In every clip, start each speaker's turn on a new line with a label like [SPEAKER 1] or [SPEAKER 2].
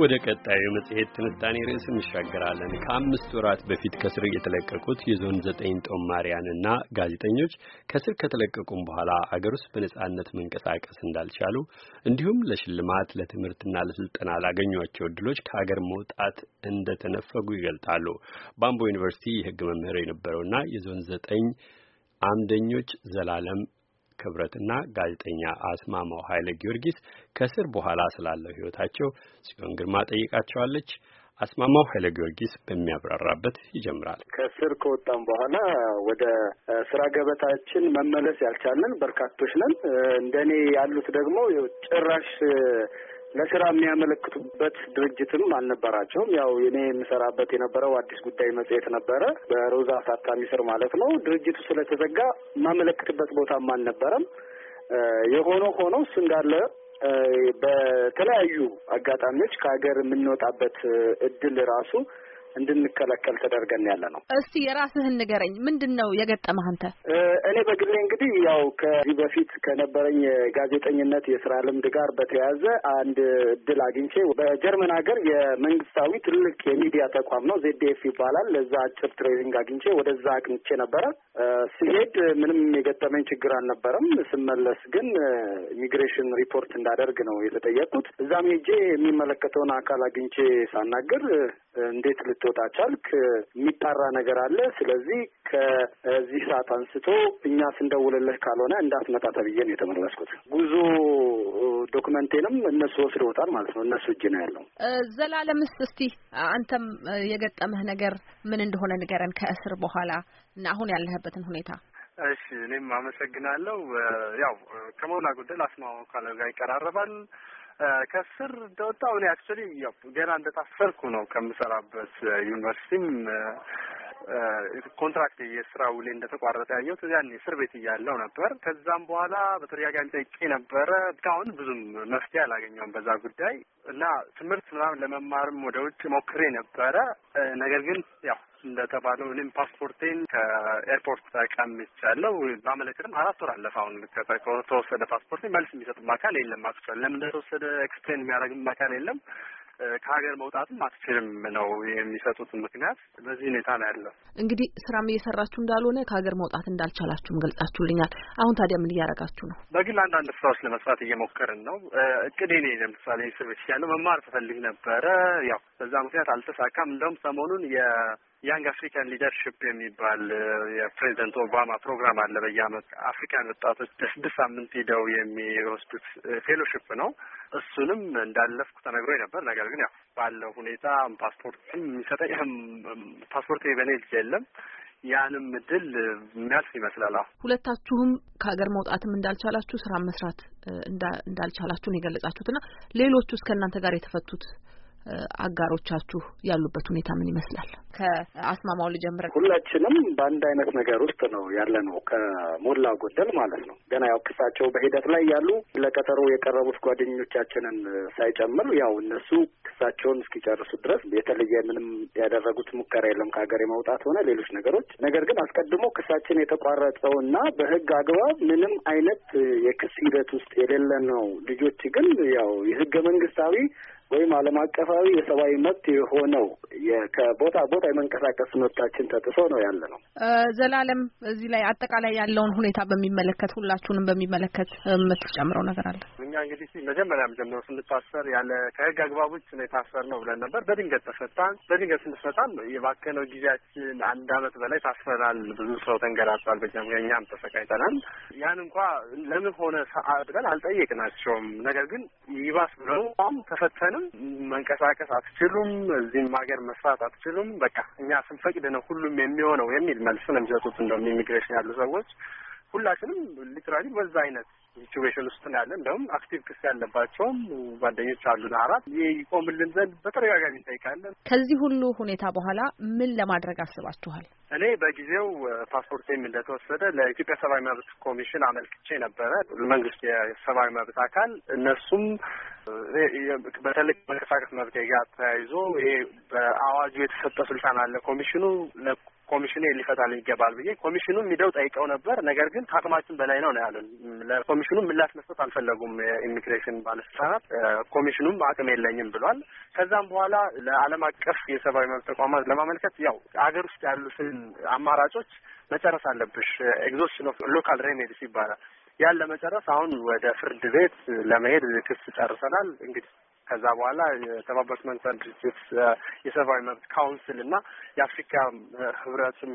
[SPEAKER 1] ወደ ቀጣዩ መጽሔት ትንታኔ ርዕስ እንሻገራለን። ከአምስት ወራት በፊት ከስር የተለቀቁት የዞን ዘጠኝ ጦማሪያንና ጋዜጠኞች ከስር ከተለቀቁም በኋላ አገር ውስጥ በነጻነት መንቀሳቀስ እንዳልቻሉ እንዲሁም ለሽልማት ለትምህርትና ለስልጠና ላገኟቸው እድሎች ከሀገር መውጣት እንደተነፈጉ ይገልጣሉ። ባምቦ ዩኒቨርሲቲ የሕግ መምህር የነበረውና የዞን ዘጠኝ አምደኞች ዘላለም ክብረትና ጋዜጠኛ አስማማው ኃይለ ጊዮርጊስ ከእስር በኋላ ስላለው ሕይወታቸው ጽዮን ግርማ ጠይቃቸዋለች። አስማማው ኃይለ ጊዮርጊስ በሚያብራራበት ይጀምራል። ከስር ከወጣም በኋላ ወደ ስራ ገበታችን መመለስ ያልቻለን በርካቶች ነን። እንደኔ ያሉት ደግሞ ጭራሽ ለስራ የሚያመለክቱበት ድርጅትም አልነበራቸውም። ያው እኔ የምሰራበት የነበረው አዲስ ጉዳይ መጽሔት ነበረ፣ በሮዛ አሳታሚ ስር ማለት ነው። ድርጅቱ ስለተዘጋ የማመለክትበት ቦታም አልነበረም። የሆነ ሆኖ እሱ እንዳለ በተለያዩ አጋጣሚዎች ከሀገር የምንወጣበት እድል ራሱ እንድንከለከል ተደርገን ያለ ነው።
[SPEAKER 2] እስቲ የራስህን ንገረኝ፣ ምንድን ነው የገጠመህ አንተ?
[SPEAKER 1] እኔ በግሌ እንግዲህ ያው ከዚህ በፊት ከነበረኝ የጋዜጠኝነት የስራ ልምድ ጋር በተያያዘ አንድ እድል አግኝቼ በጀርመን ሀገር የመንግስታዊ ትልቅ የሚዲያ ተቋም ነው ዜድኤፍ ይባላል። ለዛ አጭር ትሬኒንግ አግኝቼ ወደዛ አቅንቼ ነበረ። ሲሄድ ምንም የገጠመኝ ችግር አልነበረም። ስመለስ ግን ኢሚግሬሽን ሪፖርት እንዳደርግ ነው የተጠየቅኩት። እዛም ሄጄ የሚመለከተውን አካል አግኝቼ ሳናግር እንዴት ልትወጣ ቻልክ? የሚጣራ ነገር አለ። ስለዚህ ከዚህ ሰዓት አንስቶ እኛ ስንደውልልህ ካልሆነ እንዳትመጣ ተብዬ ነው የተመለስኩት። ጉዞ ዶክመንቴንም እነሱ ወስደውታል ማለት ነው። እነሱ እጅ ነው ያለው።
[SPEAKER 2] ዘላለምስ፣ እስቲ አንተም የገጠመህ ነገር ምን እንደሆነ ንገረን፣ ከእስር በኋላ እና አሁን ያለህበትን ሁኔታ።
[SPEAKER 1] እሺ፣ እኔም አመሰግናለሁ። ያው ከሞላ ጎደል አስማማው ካለው ጋር ይቀራረባል። ከስር እንደወጣሁ እኔ አክቹዋሊ ያው ገና እንደታሰርኩ ነው ከምሰራበት ዩኒቨርሲቲም ኮንትራክት የስራ ውሌ እንደተቋረጠ ያየሁት ያኔ እስር ቤት እያለሁ ነበር። ከዛም በኋላ በተደጋጋሚ ጠይቄ ነበረ። እስካሁን ብዙም መፍትሄ አላገኘውም በዛ ጉዳይ እና ትምህርት ምናምን ለመማርም ወደ ውጭ ሞክሬ ነበረ። ነገር ግን ያው እንደተባለው እኔም ፓስፖርቴን ከኤርፖርት ተቀምቻለሁ። በአመለክትም አራት ወር አለፈ። አሁን ከተወሰደ ፓስፖርቴ መልስ የሚሰጥም አካል የለም። አስቻል ለምን እንደተወሰደ ኤክስፕሌን የሚያደርግም አካል የለም። ከሀገር መውጣትም አትችልም ነው የሚሰጡት ምክንያት። በዚህ ሁኔታ ነው ያለው።
[SPEAKER 2] እንግዲህ ስራም እየሰራችሁ እንዳልሆነ ከሀገር መውጣት እንዳልቻላችሁም ገልጻችሁልኛል። አሁን ታዲያ ምን እያደረጋችሁ ነው?
[SPEAKER 1] በግል አንዳንድ ስራዎች ለመስራት እየሞከርን ነው። እቅዴ እኔ ለምሳሌ ስብች ያለው መማር ትፈልግ ነበረ። ያው በዛ ምክንያት አልተሳካም። እንደውም ሰሞኑን የ ያንግ አፍሪካን ሊደርሽፕ የሚባል የፕሬዚደንት ኦባማ ፕሮግራም አለ። በየአመት አፍሪካን ወጣቶች ለስድስት ሳምንት ሂደው የሚወስዱት ፌሎሽፕ ነው። እሱንም እንዳለፍኩ ተነግሮኝ ነበር። ነገር ግን ያው ባለው ሁኔታ ፓስፖርትም የሚሰጠኝም ፓስፖርት በኔ እጅ የለም። ያንም እድል የሚያልፍ ይመስላል። አሁ
[SPEAKER 2] ሁለታችሁም ከሀገር መውጣትም እንዳልቻላችሁ ስራ መስራት እንዳልቻላችሁ ነው እና ሌሎቹ እስከ እናንተ ጋር የተፈቱት አጋሮቻችሁ ያሉበት ሁኔታ ምን ይመስላል? ከአስማማው ልጀምር። ሁላችንም በአንድ አይነት ነገር ውስጥ ነው ያለ ነው ከሞላ
[SPEAKER 1] ጎደል ማለት ነው። ገና ያው ክሳቸው በሂደት ላይ ያሉ ለቀጠሮ የቀረቡት ጓደኞቻችንን ሳይጨምር ያው እነሱ ክሳቸውን እስኪጨርሱ ድረስ የተለየ ምንም ያደረጉት ሙከራ የለም ከሀገር የመውጣት ሆነ ሌሎች ነገሮች። ነገር ግን አስቀድሞ ክሳችን የተቋረጠው እና በህግ አግባብ ምንም አይነት የክስ ሂደት ውስጥ የሌለ ነው። ልጆች ግን ያው የህገ መንግስታዊ ወይም ዓለም አቀፋዊ የሰብአዊ መብት የሆነው ከቦታ ቦታ የመንቀሳቀስ መብታችን ተጥሶ ነው ያለ ነው።
[SPEAKER 2] ዘላለም እዚህ ላይ አጠቃላይ ያለውን ሁኔታ በሚመለከት ሁላችሁንም በሚመለከት የምትጨምረው ነገር አለ?
[SPEAKER 1] እኛ እንግዲህ መጀመሪያም ጀምሮ ስንታሰር ያለ ከህግ አግባብ ውጭ ነው የታሰር ነው ብለን ነበር። በድንገት ተፈታን። በድንገት ስንፈታም የባከነው ጊዜያችን አንድ አመት በላይ ታስፈናል። ብዙ ሰው ተንገላቷል። በጀምሪያ ተሰቃይተናል። ያን እንኳ ለምን ሆነ ሰአት ብለን አልጠየቅናቸውም። ነገር ግን ይባስ ብለው ተፈተነ መንቀሳቀስ አትችሉም፣ እዚህም ሀገር መስራት አትችሉም፣ በቃ እኛ ስንፈቅድ ነው ሁሉም የሚሆነው የሚል መልስ ነው የሚሰጡት። እንደውም ኢሚግሬሽን ያሉ ሰዎች ሁላችንም ሊትራሊ በዛ አይነት ሲዌሽን ውስጥ ነው ያለ። እንደውም አክቲቭ ክስ ያለባቸውም ጓደኞች አሉን አራት ይቆምልን ዘንድ በተደጋጋሚ እንጠይቃለን።
[SPEAKER 2] ከዚህ ሁሉ ሁኔታ በኋላ ምን ለማድረግ አስባችኋል?
[SPEAKER 1] እኔ በጊዜው ፓስፖርቴም እንደተወሰደ ለኢትዮጵያ ሰብአዊ መብት ኮሚሽን አመልክቼ ነበረ። መንግስት የሰብአዊ መብት አካል እነሱም በተለይ መንቀሳቀስ መብት ጋር ተያይዞ ይሄ በአዋጁ የተሰጠ ስልጣን አለ ኮሚሽኑ ኮሚሽኑ ሊፈታል ይገባል ብዬ ኮሚሽኑ የሚደው ጠይቀው ነበር። ነገር ግን ከአቅማችን በላይ ነው ነው ያሉን። ለኮሚሽኑ ምላሽ መስጠት አልፈለጉም የኢሚግሬሽን ባለስልጣናት። ኮሚሽኑም አቅም የለኝም ብሏል። ከዛም በኋላ ለዓለም አቀፍ የሰብአዊ መብት ተቋማት ለማመልከት ያው አገር ውስጥ ያሉትን አማራጮች መጨረስ አለብሽ ኤግዞስሽን ኦፍ ሎካል ሬሜዲስ ይባላል። ያን ለመጨረስ አሁን ወደ ፍርድ ቤት ለመሄድ ክስ ጨርሰናል እንግዲህ ከዛ በኋላ የተባበሩት መንግስታት ድርጅት የሰብአዊ መብት ካውንስል እና የአፍሪካ ህብረትም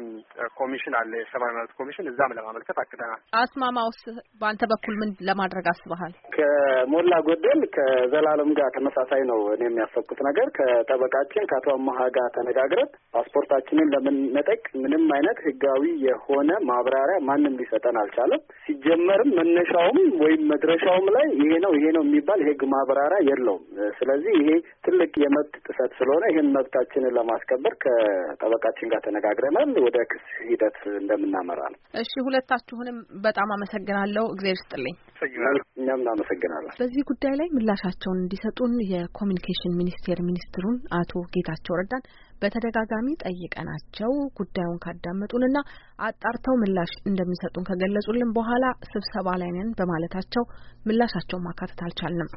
[SPEAKER 1] ኮሚሽን አለ የሰብአዊ መብት ኮሚሽን እዛም ለማመልከት አቅደናል።
[SPEAKER 2] አስማማውስ በአንተ በኩል ምን ለማድረግ አስበሃል?
[SPEAKER 1] ከሞላ ጎደል ከዘላለም ጋር ተመሳሳይ ነው። እኔ የሚያሰብኩት ነገር ከጠበቃችን ከአቶ አመሀ ጋር ተነጋግረን ፓስፖርታችንን ለመነጠቅ ምንም አይነት ህጋዊ የሆነ ማብራሪያ ማንም ሊሰጠን አልቻለም። ሲጀመርም መነሻውም ወይም መድረሻውም ላይ ይሄ ነው ይሄ ነው የሚባል የህግ ማብራሪያ የለውም። ስለዚህ ይሄ ትልቅ የመብት ጥሰት ስለሆነ ይህን መብታችንን ለማስከበር ከጠበቃችን ጋር ተነጋግረናል። ወደ ክስ ሂደት እንደምናመራ ነው።
[SPEAKER 2] እሺ፣ ሁለታችሁንም በጣም አመሰግናለሁ። እግዚአብሔር ይስጥልኝ። እኛም
[SPEAKER 1] እናመሰግናለን።
[SPEAKER 2] በዚህ ጉዳይ ላይ ምላሻቸውን እንዲሰጡን የኮሚኒኬሽን ሚኒስቴር ሚኒስትሩን አቶ ጌታቸው ረዳን በተደጋጋሚ ጠይቀናቸው ጉዳዩን ካዳመጡንና አጣርተው ምላሽ እንደሚሰጡን ከገለጹልን በኋላ ስብሰባ ላይ ነን በማለታቸው ምላሻቸውን ማካተት አልቻልንም።